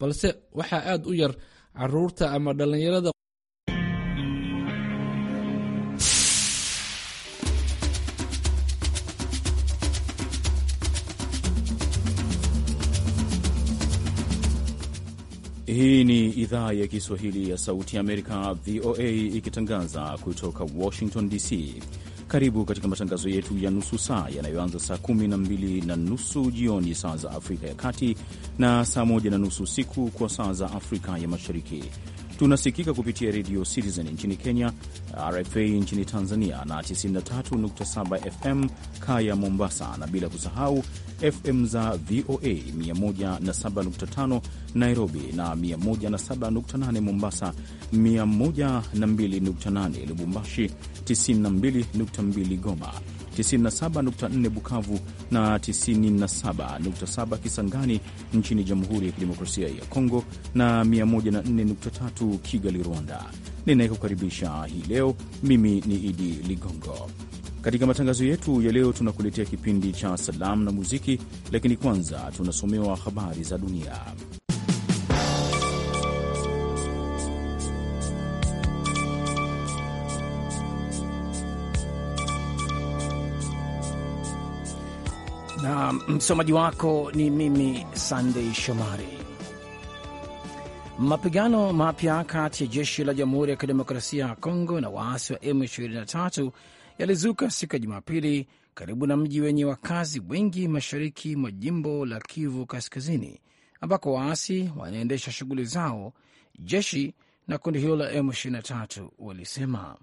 balse waxaa aad u yar caruurta ama dhallinyarada Hii ni idhaa ya Kiswahili ya Sauti ya Amerika, VOA, ikitangaza kutoka Washington DC. Karibu katika matangazo yetu ya nusu saa yanayoanza saa kumi na mbili na nusu jioni saa za Afrika ya Kati na saa moja na nusu usiku kwa saa za Afrika ya Mashariki. Tunasikika kupitia redio Citizen nchini Kenya, RFA nchini Tanzania na 93.7 FM Kaya Mombasa, na bila kusahau FM za VOA 107.5 Nairobi na 107.8 Mombasa 102.8 Lubumbashi, 92.2 Goma, 97.4 Bukavu na 97.7 Kisangani nchini Jamhuri ya Kidemokrasia ya Kongo na 104.3 Kigali, Rwanda. Ninayekukaribisha hii leo mimi ni Idi Ligongo. Katika matangazo yetu ya leo tunakuletea kipindi cha salamu na muziki, lakini kwanza tunasomewa habari za dunia. Um, msomaji wako ni mimi Sandei Shomari. Mapigano mapya kati ya jeshi la Jamhuri ya Kidemokrasia ya Kongo na waasi wa M23 yalizuka siku ya Jumapili karibu na mji wenye wakazi wengi mashariki mwa jimbo la Kivu Kaskazini, ambako waasi wanaendesha shughuli zao, jeshi na kundi hilo la M23 walisema.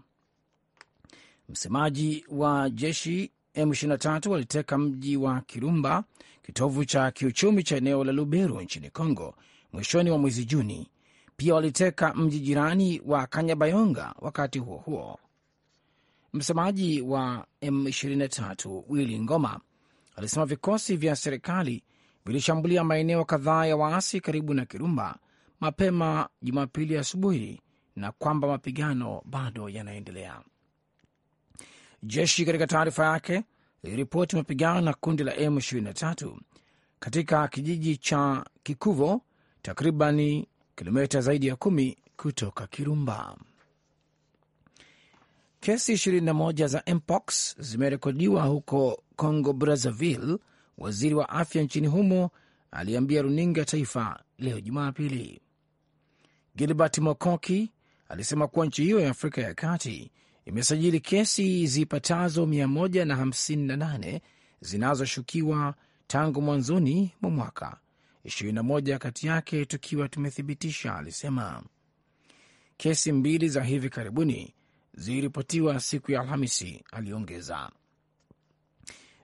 Msemaji wa jeshi M23 waliteka mji wa Kirumba, kitovu cha kiuchumi cha eneo la Lubero nchini congo mwishoni mwa mwezi Juni. Pia waliteka mji jirani wa Kanyabayonga. Wakati huo huo, msemaji wa M23 Willy Ngoma alisema vikosi vya serikali vilishambulia maeneo kadhaa ya waasi karibu na Kirumba mapema Jumapili asubuhi na kwamba mapigano bado yanaendelea. Jeshi katika taarifa yake liliripoti mapigano na kundi la M23 katika kijiji cha Kikuvo, takribani kilomita zaidi ya kumi kutoka Kirumba. Kesi 21 za mpox zimerekodiwa huko Congo Brazzaville, waziri wa afya nchini humo aliambia runinga ya taifa leo Jumapili. Gilbert Mokoki alisema kuwa nchi hiyo ya Afrika ya kati imesajili kesi zipatazo 158 zinazoshukiwa tangu mwanzoni mwa mwaka, 21 kati yake tukiwa tumethibitisha, alisema. Kesi mbili za hivi karibuni ziliripotiwa siku ya Alhamisi, aliongeza.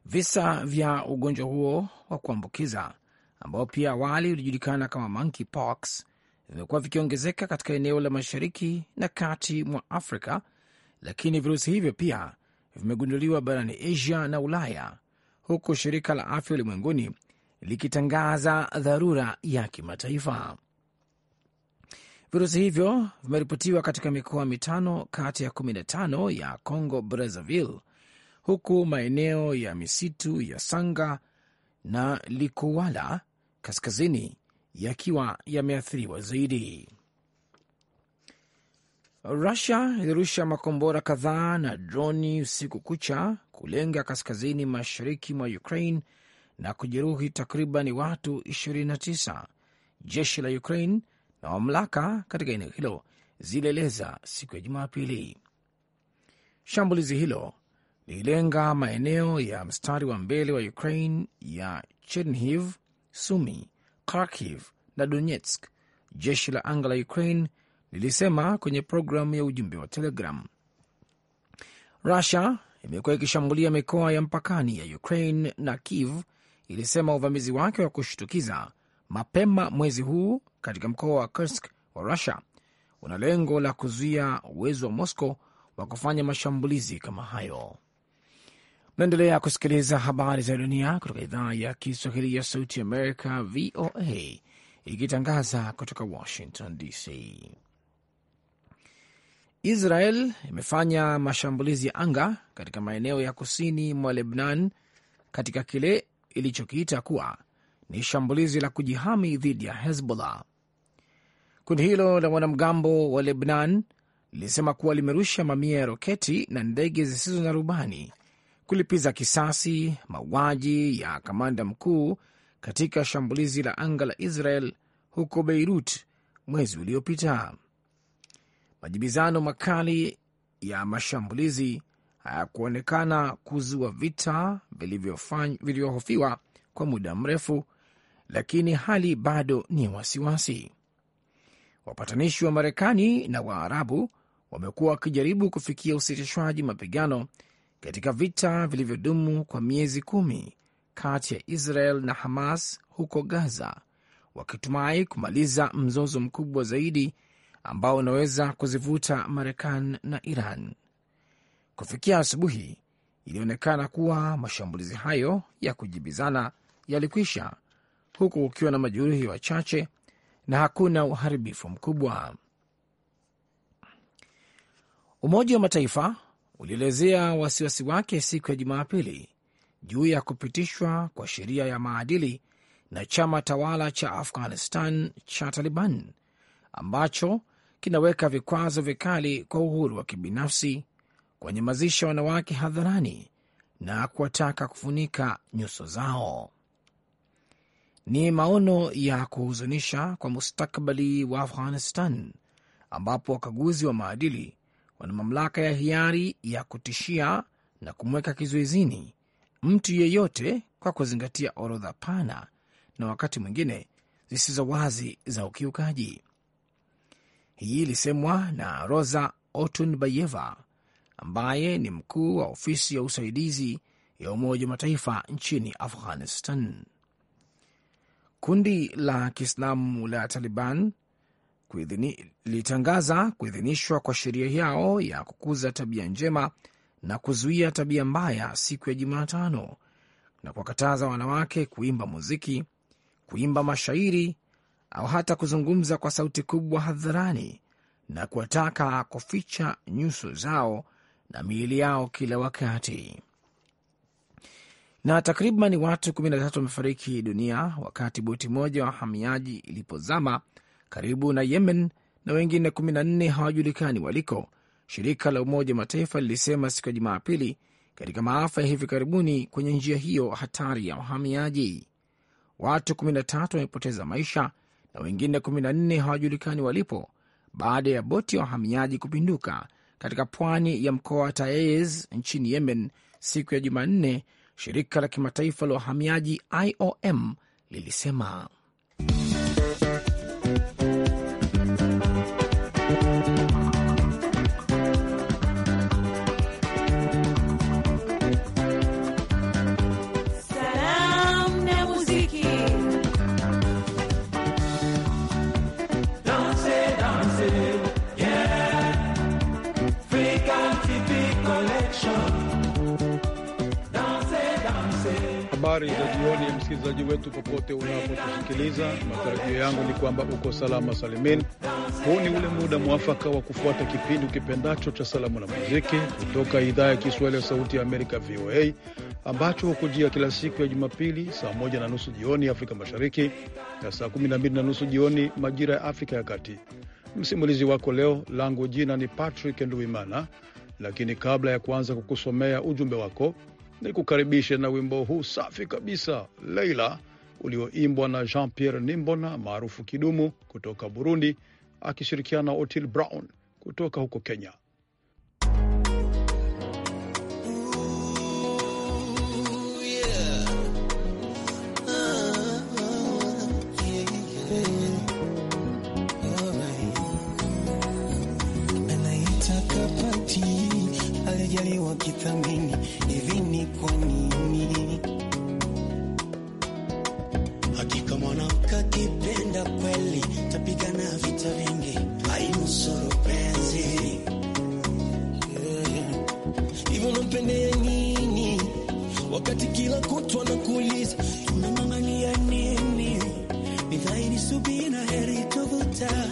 Visa vya ugonjwa huo wa kuambukiza ambao pia awali ulijulikana kama monkeypox vimekuwa vikiongezeka katika eneo la mashariki na kati mwa Afrika lakini virusi hivyo pia vimegunduliwa barani Asia na Ulaya, huku shirika la afya ulimwenguni likitangaza dharura ya kimataifa. Virusi hivyo vimeripotiwa katika mikoa mitano kati ya 15 ya Congo Brazzaville, huku maeneo ya misitu ya Sanga na Likuwala kaskazini yakiwa yameathiriwa zaidi. Rusia ilirusha makombora kadhaa na droni usiku kucha kulenga kaskazini mashariki mwa Ukraine na kujeruhi takriban watu 29, jeshi la Ukraine na mamlaka katika eneo hilo zilieleza siku ya Jumapili. Shambulizi hilo lililenga maeneo ya mstari wa mbele wa Ukraine ya Chernihiv, Sumi, Kharkiv na Donetsk, jeshi la anga la Ukraine lilisema kwenye programu ya ujumbe wa Telegram. Rusia imekuwa ikishambulia mikoa ya mpakani ya Ukraine na Kiev ilisema uvamizi wake wa kushtukiza mapema mwezi huu katika mkoa wa Kursk wa Rusia una lengo la kuzuia uwezo wa Moscow wa kufanya mashambulizi kama hayo. Naendelea kusikiliza habari za dunia kutoka idhaa ya Kiswahili ya Sauti Amerika, VOA, ikitangaza kutoka Washington DC. Israel imefanya mashambulizi ya anga katika maeneo ya kusini mwa Lebnan katika kile ilichokiita kuwa ni shambulizi la kujihami dhidi ya Hezbollah. Kundi hilo la wanamgambo wa Lebnan lilisema kuwa limerusha mamia ya roketi na ndege zisizo na rubani kulipiza kisasi mauaji ya kamanda mkuu katika shambulizi la anga la Israel huko Beirut mwezi uliopita. Majibizano makali ya mashambulizi hayakuonekana kuzua vita vilivyohofiwa kwa muda mrefu, lakini hali bado ni wasiwasi. Wapatanishi wa Marekani na Waarabu wamekuwa wakijaribu kufikia usitishwaji mapigano katika vita vilivyodumu kwa miezi kumi kati ya Israel na Hamas huko Gaza, wakitumai kumaliza mzozo mkubwa zaidi ambao unaweza kuzivuta Marekani na Iran. Kufikia asubuhi, ilionekana kuwa mashambulizi hayo ya kujibizana yalikwisha, huku ukiwa na majeruhi wachache na hakuna uharibifu mkubwa. Umoja wa Mataifa ulielezea wasiwasi wake siku ya Jumapili juu ya kupitishwa kwa sheria ya maadili na chama tawala cha Afghanistan cha Taliban ambacho kinaweka vikwazo vikali kwa uhuru wa kibinafsi, kuwanyamazisha wanawake hadharani na kuwataka kufunika nyuso zao. Ni maono ya kuhuzunisha kwa mustakabali wa Afghanistan, ambapo wakaguzi wa maadili wana mamlaka ya hiari ya kutishia na kumweka kizuizini mtu yeyote kwa kuzingatia orodha pana na wakati mwingine zisizo wazi za ukiukaji. Hii ilisemwa na Rosa Otunbayeva ambaye ni mkuu wa ofisi ya usaidizi ya Umoja wa Mataifa nchini Afghanistan. Kundi la Kiislamu la Taliban lilitangaza kuidhinishwa kwa sheria yao ya kukuza tabia njema na kuzuia tabia mbaya siku ya Jumatano, na kuwakataza wanawake kuimba muziki, kuimba mashairi au hata kuzungumza kwa sauti kubwa hadharani na kuwataka kuficha nyuso zao na miili yao kila wakati. Na takriban watu 13 wamefariki dunia wakati boti moja wa wahamiaji ilipozama karibu na Yemen na wengine 14 hawajulikani waliko, shirika la Umoja wa Mataifa lilisema siku ya Jumapili katika maafa ya hivi karibuni kwenye njia hiyo hatari ya wahamiaji. Watu 13 wamepoteza maisha na wengine 14 hawajulikani walipo baada ya boti ya wahamiaji kupinduka katika pwani ya mkoa wa Taiz nchini Yemen siku ya Jumanne, shirika la kimataifa la wahamiaji IOM lilisema. habari za jioni ya msikilizaji wetu popote unapotusikiliza. Matarajio yangu ni kwamba uko salama salimin. Huu ni ule muda mwafaka wa kufuata kipindi kipendacho cha salamu na muziki kutoka idhaa ya Kiswahili ya Sauti ya Amerika, VOA, ambacho hukujia kila siku ya Jumapili saa moja na nusu jioni Afrika Mashariki na saa kumi na mbili na nusu jioni majira ya Afrika ya Kati. Msimulizi wako leo, langu jina ni Patrick Nduimana, lakini kabla ya kuanza kukusomea ujumbe wako ni kukaribisha na wimbo huu safi kabisa Leila ulioimbwa na Jean Pierre Nimbona maarufu Kidumu kutoka Burundi akishirikiana na Otil Brown kutoka huko Kenya. hawajali wakithamini hivi ni kwa nini? Hakika mwanamke akipenda kweli tapigana vita vingi, haimusuru penzi hivyo. Yeah. Nampendea nini wakati kila kutwa nakuuliza tunamamalia nini? Ni dhahiri subira heri tovuta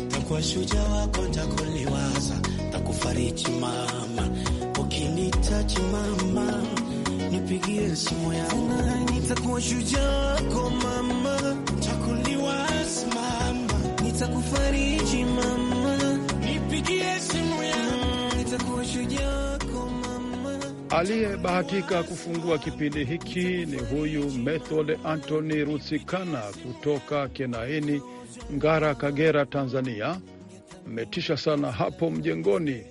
Kwa shujaa wako ntakuliwaza, takufariji mama, ukinitachi mama, nipigie simu yangu, nitakuwa shujaa wako mama, ntakuliwaza mama, nitakufariji mama, nipigie simu yangu, nitakuwa shujaa Aliyebahatika kufungua kipindi hiki ni huyu Method Anthony Rutsikana kutoka Kenaini Ngara, Kagera, Tanzania. Mmetisha sana hapo mjengoni.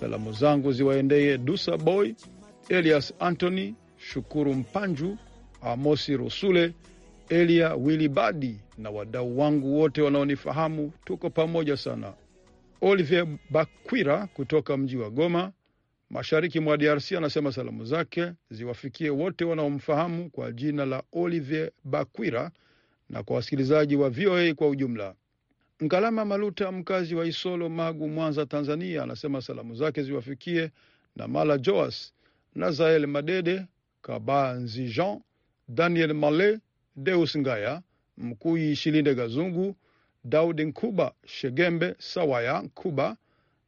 Salamu zangu ziwaendeye Dusa Boy, Elias Anthony, Shukuru Mpanju, Amosi Rusule, Elia badi na wadau wangu wote wanaonifahamu. Tuko pamoja sana. Olivier Bakwira kutoka mji wa Goma, mashariki mwa DRC, anasema salamu zake ziwafikie wote wanaomfahamu kwa jina la Olivier Bakwira na kwa wasikilizaji wa VOA kwa ujumla. Ngalama Maluta, mkazi wa Isolo, Magu, Mwanza, Tanzania, anasema salamu zake ziwafikie na Mala Joas, Nazael Madede, Kabanzi Jean, Daniel Male, Deus Ngaya, Mkuyi Shilinde, Gazungu Daudi Nkuba, Shegembe Sawaya Nkuba,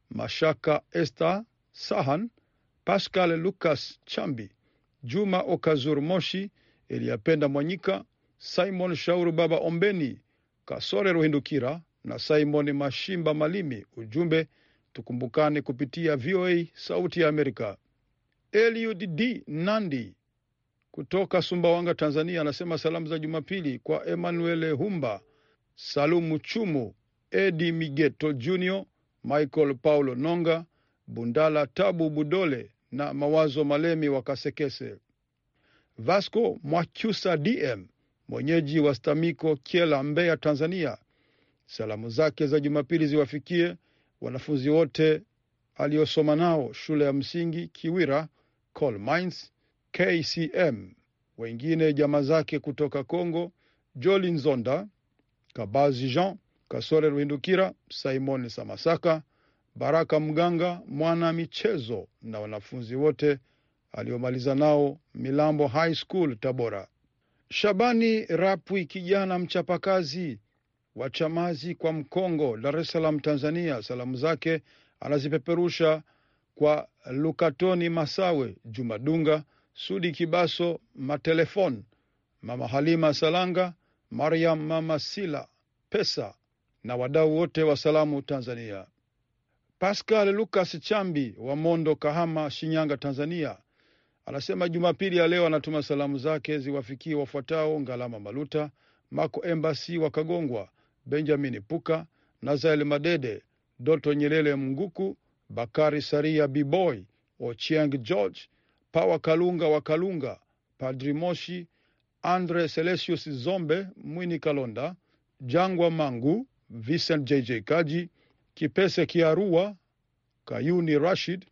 Mashaka Esther Sahan, Pascal Lucas Chambi, Juma Okazur Moshi, Eliapenda Mwanyika, Simon Shauru Baba Ombeni, Kasore Ruhindukira na Simon Mashimba Malimi. Ujumbe, tukumbukane kupitia VOA Sauti ya Amerika. Eliud Nandi kutoka Sumbawanga, Tanzania, anasema salamu za Jumapili kwa Emmanuel Humba, Salumu Chumu, Edi Migeto Junior, Michael Paulo Nonga, Bundala Tabu Budole na Mawazo Malemi wa Kasekese. Vasco Mwachusa DM mwenyeji wa Stamiko kiela Mbeya, Tanzania. Salamu zake za Jumapili ziwafikie wanafunzi wote aliosoma nao shule ya msingi Kiwira, Coal Mines, KCM, wengine jamaa zake kutoka Congo, Joli Nzonda, Kabazi Jean, Kasore Ruindukira Simon Samasaka, Baraka Mganga, mwana michezo na wanafunzi wote aliomaliza nao Milambo High School Tabora. Shabani Rapwi, kijana mchapakazi wa Chamazi kwa Mkongo, Dar es Salaam, Tanzania, salamu zake anazipeperusha kwa Lukatoni Masawe, Jumadunga Sudi, Kibaso Matelefon, Mama Halima Salanga, Mariam, Mama Sila Pesa na wadau wote wa salamu Tanzania. Pascal Lucas Chambi wa Mondo, Kahama, Shinyanga, Tanzania, anasema Jumapili ya leo anatuma salamu zake ziwafikie wafuatao: Ngalama Maluta, Mako Embasi wa Kagongwa, benjamin Puka, Nazael Madede, Doto Nyelele Mnguku, Bakari Saria, Biboy Ochieng George, Pawa Kalunga wa Kalunga, Padri Moshi, Andre Selesius Zombe, Mwini Kalonda, Jangwa Mangu, Vincent JJ Kaji, Kipese Kiarua, Kayuni Rashid,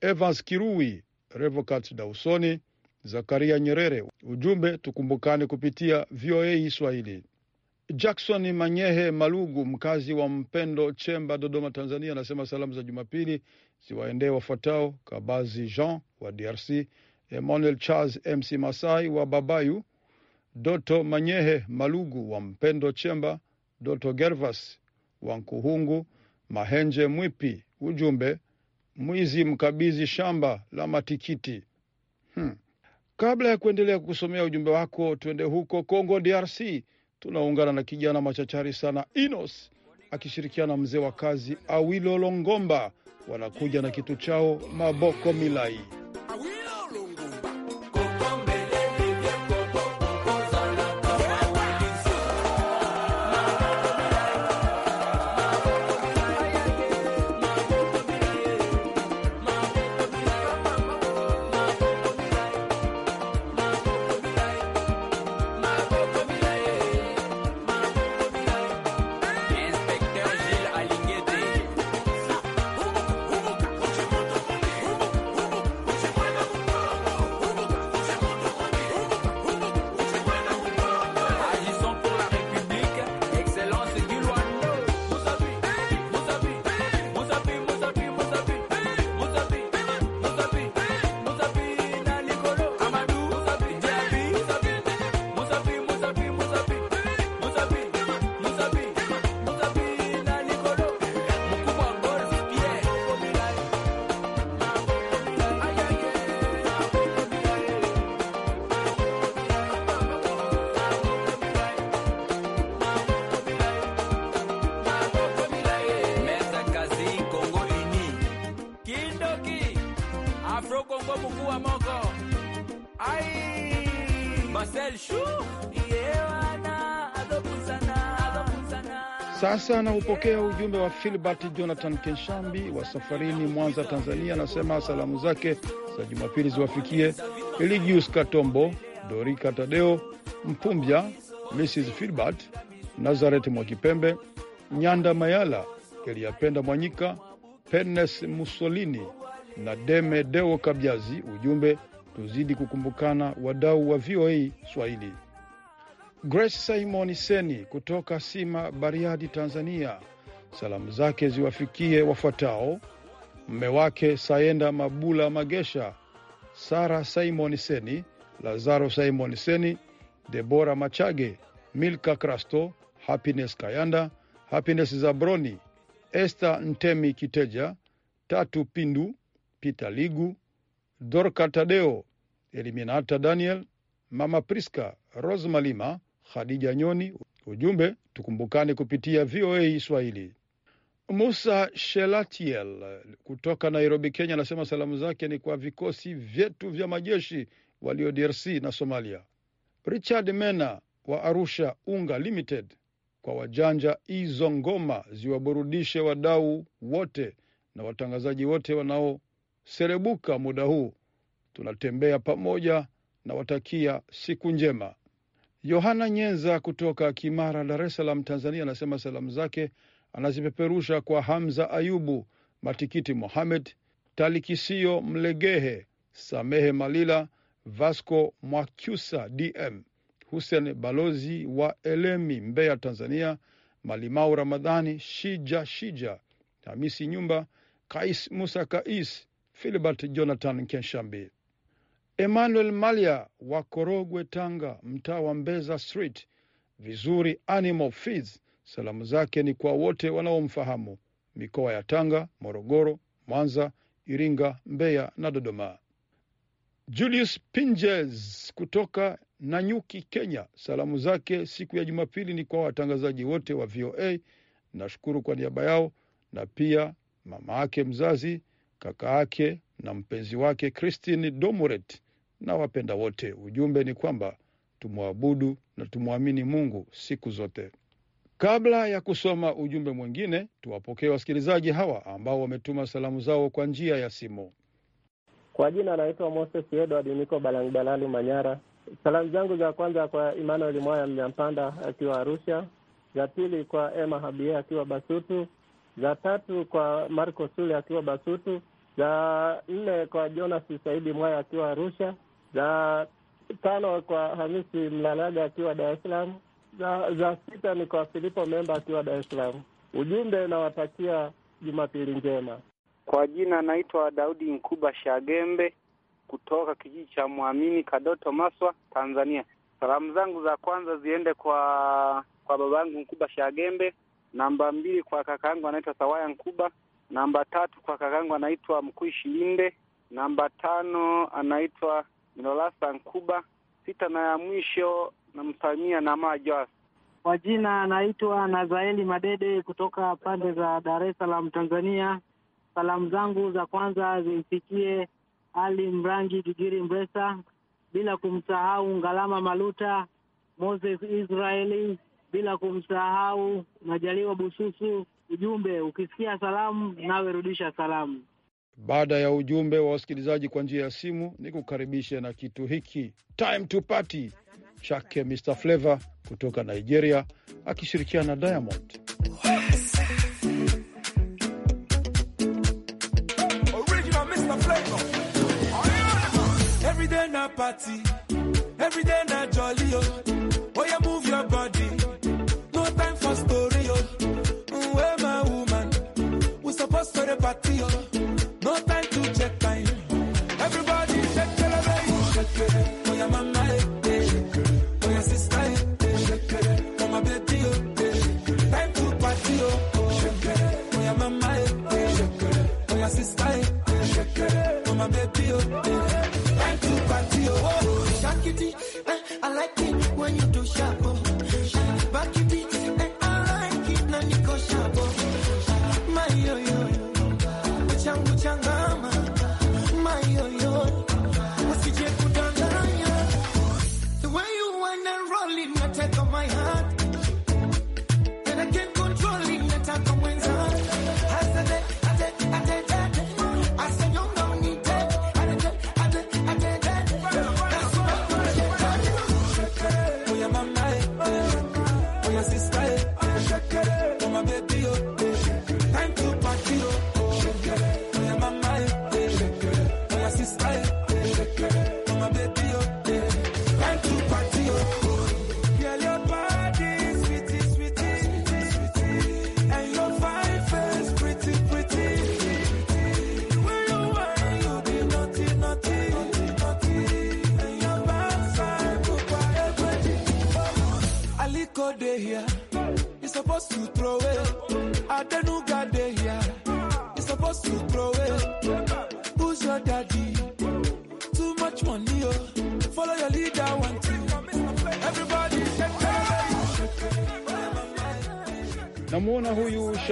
Evans Kirui, Revocat Dausoni, Zakaria Nyerere. Ujumbe tukumbukane kupitia VOA Swahili. Jackson Manyehe Malugu, mkazi wa Mpendo Chemba, Dodoma, Tanzania, anasema salamu za Jumapili ziwaendee wafuatao: Kabazi Jean wa DRC, Emmanuel Charles Mc Masai wa Babayu, Doto Manyehe Malugu wa Mpendo Chemba, Doto Gervas wa Nkuhungu, Mahenje Mwipi. Ujumbe mwizi mkabizi shamba la matikiti hmm. Kabla ya kuendelea kukusomea ujumbe wako, tuende huko Congo DRC. Tunaungana na kijana machachari sana Inos akishirikiana na mzee wa kazi Awilo Longomba, wanakuja na kitu chao Maboko Milai. Sasa anaupokea ujumbe wa Filbert Jonathan Kenshambi wa safarini Mwanza, Tanzania. Anasema salamu zake za Jumapili ziwafikie Eligius Katombo, Dorika Tadeo Mpumbya, Mrs Filbert Nazaret Mwakipembe, Nyanda Mayala, Eliapenda Mwanyika, Penes Musolini na Deme Deo Kabyazi. Ujumbe tuzidi kukumbukana. Wadau wa VOA Swahili. Grace Simon Seni kutoka Sima, Bariadi, Tanzania, salamu zake ziwafikie wafuatao: mme wake Saenda Mabula Magesha, Sara Simon Seni, Lazaro Simon Seni, Debora Machage, Milka krasto Happiness Kayanda, Happiness Zabroni, Esther Ntemi Kiteja, Tatu Pindu, Peter Ligu, Dorka Tadeo, Eliminata Daniel, Mama Priska, Rose Malima, Khadija Nyoni. Ujumbe, tukumbukane kupitia VOA Swahili. Musa Shelatiel kutoka Nairobi, Kenya, anasema salamu zake ni kwa vikosi vyetu vya majeshi walio DRC na Somalia. Richard Mena wa Arusha Unga Limited, kwa wajanja, hizo ngoma ziwaburudishe wadau wote na watangazaji wote wanao Serebuka muda huu, tunatembea pamoja na watakia siku njema. Yohana Nyenza kutoka Kimara, Dar es Salaam, Tanzania, anasema salamu zake anazipeperusha kwa Hamza Ayubu, Matikiti Mohamed, Talikisio Mlegehe, Samehe Malila, Vasco Mwakyusa, DM Hussein balozi wa Elemi, Mbeya, Tanzania, Malimau Ramadhani, Shija Shija, Hamisi Nyumba, Kais Musa Kais, Filibert Jonathan Kenshambi. Emmanuel Malia wa Korogwe, Tanga, mtaa wa Mbeza Street, vizuri Animal Feeds. Salamu zake ni kwa wote wanaomfahamu mikoa ya Tanga, Morogoro, Mwanza, Iringa, Mbeya na Dodoma. Julius pinges kutoka Nanyuki, Kenya, salamu zake siku ya Jumapili ni kwa watangazaji wote wa VOA. Nashukuru kwa niaba yao na pia mama yake mzazi kaka yake na mpenzi wake Christine domoret na wapenda wote. Ujumbe ni kwamba tumwabudu na tumwamini Mungu siku zote. Kabla ya kusoma ujumbe mwingine, tuwapokee wasikilizaji hawa ambao wametuma salamu zao kwa njia ya simu. Kwa jina anaitwa Moses Edward, niko Balangbalali, Manyara. Salamu zangu za kwanza kwa Emmanuel Mwaya Mnyampanda akiwa Arusha, za pili kwa Emma Habie akiwa Basutu, za tatu kwa Marco Sule akiwa Basutu, za nne kwa Jonas Saidi Mwaya akiwa Arusha, za tano kwa Hamisi Mlalaga akiwa Dar es Salaam, za, za sita ni kwa Filipo Memba akiwa Dar es Salaam. Ujumbe nawatakia Jumapili njema. Kwa jina naitwa Daudi Nkuba Shagembe kutoka kijiji cha Mwamini Kadoto, Maswa, Tanzania. Salamu zangu za kwanza ziende kwa kwa babangu Nkuba Shagembe, namba mbili kwa yangu anaitwa Sawaya Nkuba, Namba tatu kwa kakangu anaitwa Mkuishi Inde. Namba tano anaitwa Milolasa Nkuba. Sita na ya mwisho namsalimia na maja kwa jina anaitwa Nazaeli Madede kutoka pande za Dar es Salaam, Tanzania. Salamu zangu za kwanza zimfikie Ali Mrangi Gigiri Mresa, bila kumsahau Ngalama Maluta, Moses Israeli, bila kumsahau Majaliwa Bususu, ujumbe, ukisikia salamu nawe rudisha salamu. Baada ya ujumbe wa wasikilizaji kwa njia ya simu, ni kukaribisha na kitu hiki time to party chake Mr Flavour kutoka Nigeria akishirikiana na Diamond. Every day na party, every day na jolly, oh, oh yeah, move your body. Oh. No time to check time. Everybody Shake it, your mama, Shake it, your sister, Shake it, my baby, oh. Eh. Time to party, oh. Shake it, your mama, Shake it, your sister, Shake it, my baby, oh, eh.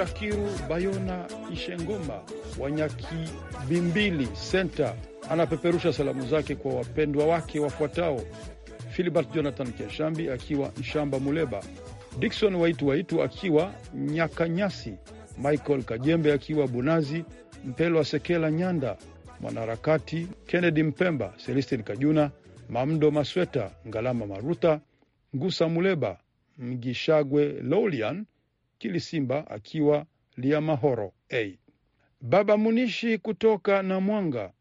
Shakiru Bayona Ishengoma Wanyakibimbili Senta anapeperusha salamu zake kwa wapendwa wake wafuatao: Filibert Jonathan Keshambi akiwa Nshamba Muleba, Dikson Waitu Waitu akiwa Nyakanyasi, Michael Kajembe akiwa Bunazi, Mpelwa Sekela Nyanda mwanaharakati, Kennedy Mpemba, Celestin Kajuna, Mamdo Masweta, Ngalama Maruta, Ngusa Muleba, Mgishagwe Lolian Kilisimba akiwa Liamahoro A. Baba Munishi kutoka na mwanga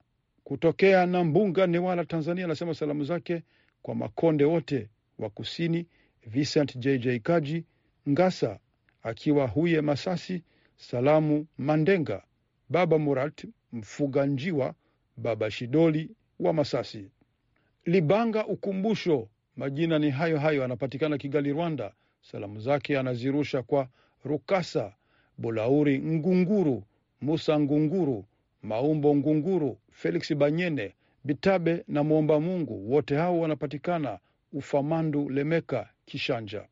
kutokea na Mbunga Newala, Tanzania, anasema salamu zake kwa makonde wote wa kusini, Vincent JJ Kaji Ngasa akiwa Huye Masasi, salamu Mandenga, Baba Murat Mfuga Njiwa, Baba Shidoli wa Masasi, Libanga Ukumbusho. Majina ni hayo hayo, anapatikana Kigali, Rwanda. Salamu zake anazirusha kwa Rukasa, Bolauri Ngunguru, Musa Ngunguru, Maumbo Ngunguru, Felix Banyene, Bitabe na Mwomba Mungu, wote hao wanapatikana Ufamandu, Lemeka, Kishanja.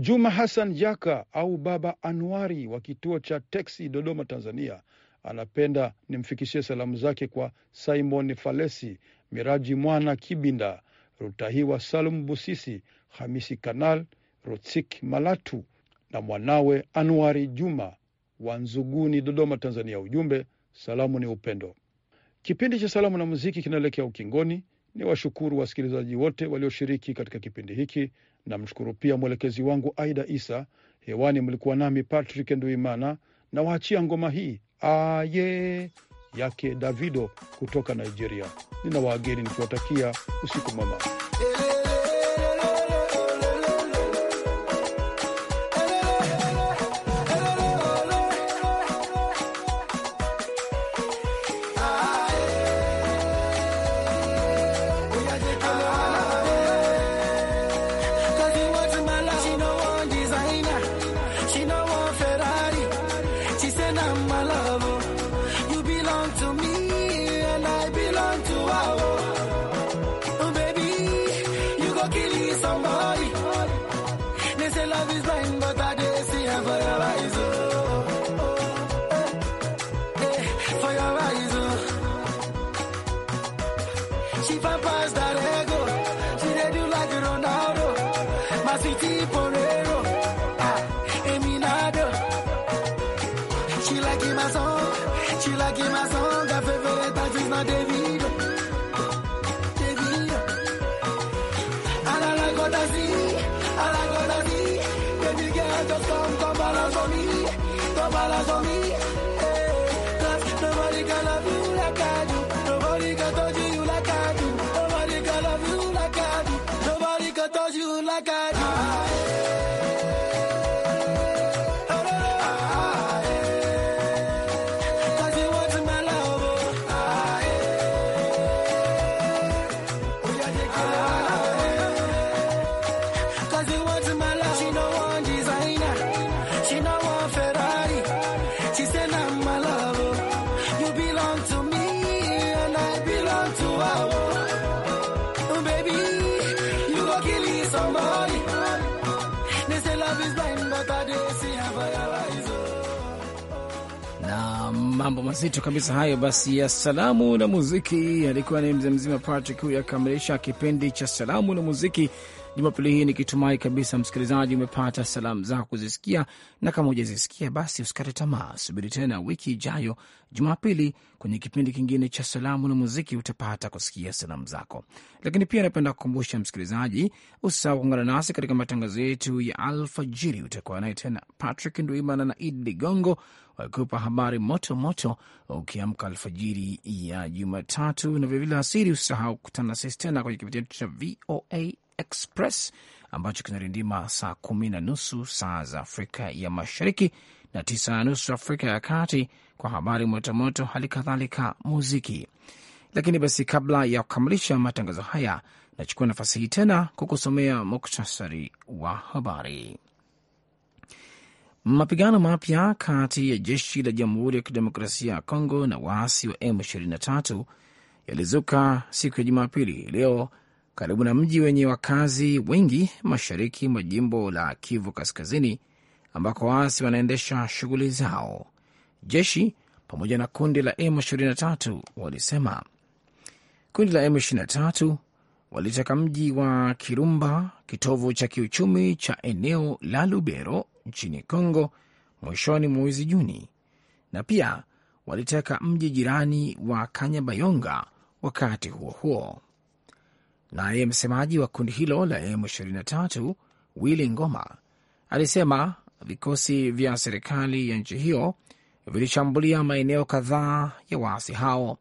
Juma Hassan Jaka au Baba Anuari wa kituo cha teksi Dodoma, Tanzania, anapenda nimfikishie salamu zake kwa Simon Falesi, Miraji Mwana Kibinda, Rutahiwa Salum Busisi, Hamisi Kanal, Rotsik Malatu, na mwanawe anuari Juma wa Nzuguni, Dodoma, Tanzania. Ujumbe, salamu ni upendo. Kipindi cha salamu na muziki kinaelekea ukingoni. Ni washukuru wasikilizaji wote walioshiriki katika kipindi hiki. Namshukuru pia mwelekezi wangu Aida Isa. Hewani mlikuwa nami Patrick Nduimana, na waachia ngoma hii aye yake Davido kutoka Nigeria. Nina wageni nikiwatakia usiku mwema. somebody. They say love is blind, but I did see her for your eyes. Oh, oh, oh. Eh, for your eyes. Oh. She pampas that ego. She did do like Ronaldo. My sweetie Porero. Oh. Ah, Eminado. She like him a song. She like him a song. Her favorite artist, not Toma on me, don't balance on me. mambo mazito kabisa hayo. Basi ya salamu na muziki, alikuwa ni mzee mzima Patrick huyu akamilisha kipindi cha salamu na muziki Jumapili hii nikitumai kabisa msikilizaji umepata salamu zako kuzisikia, na kama hujazisikia basi usikate tamaa, subiri tena wiki ijayo Jumapili kwenye kipindi kingine cha salamu na muziki utapata kusikia salamu zako. Lakini pia napenda kukumbusha msikilizaji, usisahau kuungana nasi katika matangazo yetu ya alfajiri. Utakuwa naye tena Patrick Ndwimana na Idi Ligongo wakikupa habari moto moto ukiamka alfajiri ya Jumatatu, na vilevile asiri usisahau kukutana sisi tena kwenye kipindi chetu cha VOA Express ambacho kinarindima saa kumi na nusu saa za Afrika ya Mashariki na tisa na nusu Afrika ya Kati kwa habari motomoto, hali kadhalika muziki. Lakini basi kabla ya kukamilisha matangazo haya, nachukua nafasi hii tena kukusomea muktasari wa habari. Mapigano mapya kati ya jeshi la Jamhuri ya Kidemokrasia ya Kongo na waasi wa M23 yalizuka siku ya Jumapili leo karibu na mji wenye wakazi wengi mashariki mwa jimbo la Kivu Kaskazini, ambako waasi wanaendesha shughuli zao. Jeshi pamoja na kundi la M23 walisema. Kundi la M23 waliteka mji wa Kirumba, kitovu cha kiuchumi cha eneo la Lubero nchini Congo, mwishoni mwa mwezi Juni, na pia waliteka mji jirani wa Kanyabayonga wakati huo huo. Naye msemaji wa kundi hilo la M23 Willy Ngoma alisema vikosi vya serikali ya nchi hiyo vilishambulia maeneo kadhaa ya waasi hao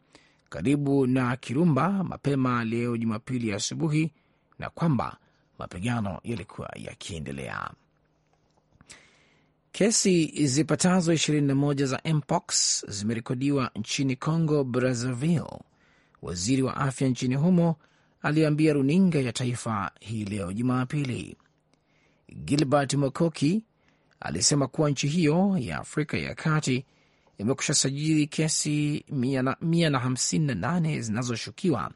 karibu na Kirumba mapema leo Jumapili asubuhi na kwamba mapigano yalikuwa yakiendelea. Kesi zipatazo 21 za mpox zimerekodiwa nchini Congo Brazzaville. Waziri wa afya nchini humo aliambia runinga ya taifa hii leo Jumapili. Gilbert Mokoki alisema kuwa nchi hiyo ya Afrika ya Kati imekusha sajili kesi 158 zinazoshukiwa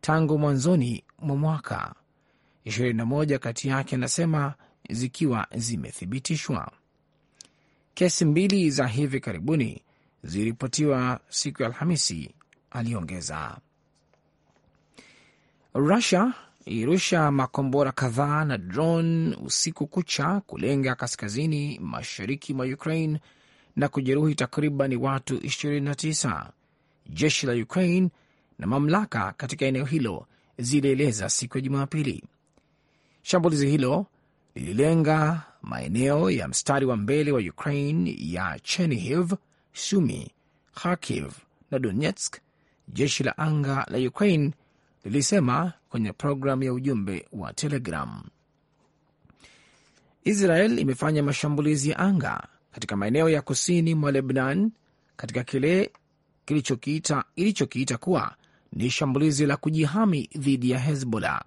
tangu mwanzoni mwa mwaka, 21 kati yake anasema zikiwa zimethibitishwa. Kesi mbili za hivi karibuni ziliripotiwa siku ya Alhamisi, aliongeza. Rusia ilirusha makombora kadhaa na drone usiku kucha kulenga kaskazini mashariki mwa Ukraine na kujeruhi takriban watu 29, jeshi la Ukraine na mamlaka katika eneo hilo zilieleza siku ya Jumapili. Shambulizi hilo lililenga maeneo ya mstari wa mbele wa Ukraine ya Chernihiv, Sumi, Kharkiv na Donetsk, jeshi la anga la Ukraine lilisema kwenye programu ya ujumbe wa Telegram. Israel imefanya mashambulizi ya anga katika maeneo ya kusini mwa Lebnan katika kile kilichokiita ilichokiita kuwa ni shambulizi la kujihami dhidi ya Hezbollah.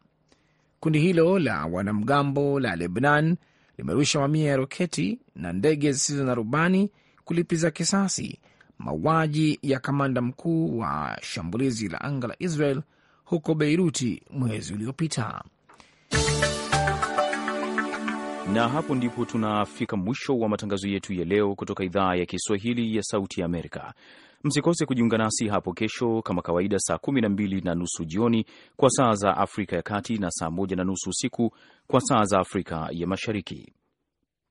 Kundi hilo la wanamgambo la Lebnan limerusha mamia ya roketi na ndege zisizo na rubani kulipiza kisasi mauaji ya kamanda mkuu wa shambulizi la anga la Israel huko Beiruti mwezi uliopita. Na hapo ndipo tunafika mwisho wa matangazo yetu ya leo kutoka idhaa ya Kiswahili ya Sauti ya Amerika. Msikose kujiunga nasi hapo kesho kama kawaida, saa kumi na mbili na nusu jioni kwa saa za Afrika ya Kati na saa moja na nusu usiku kwa saa za Afrika ya Mashariki.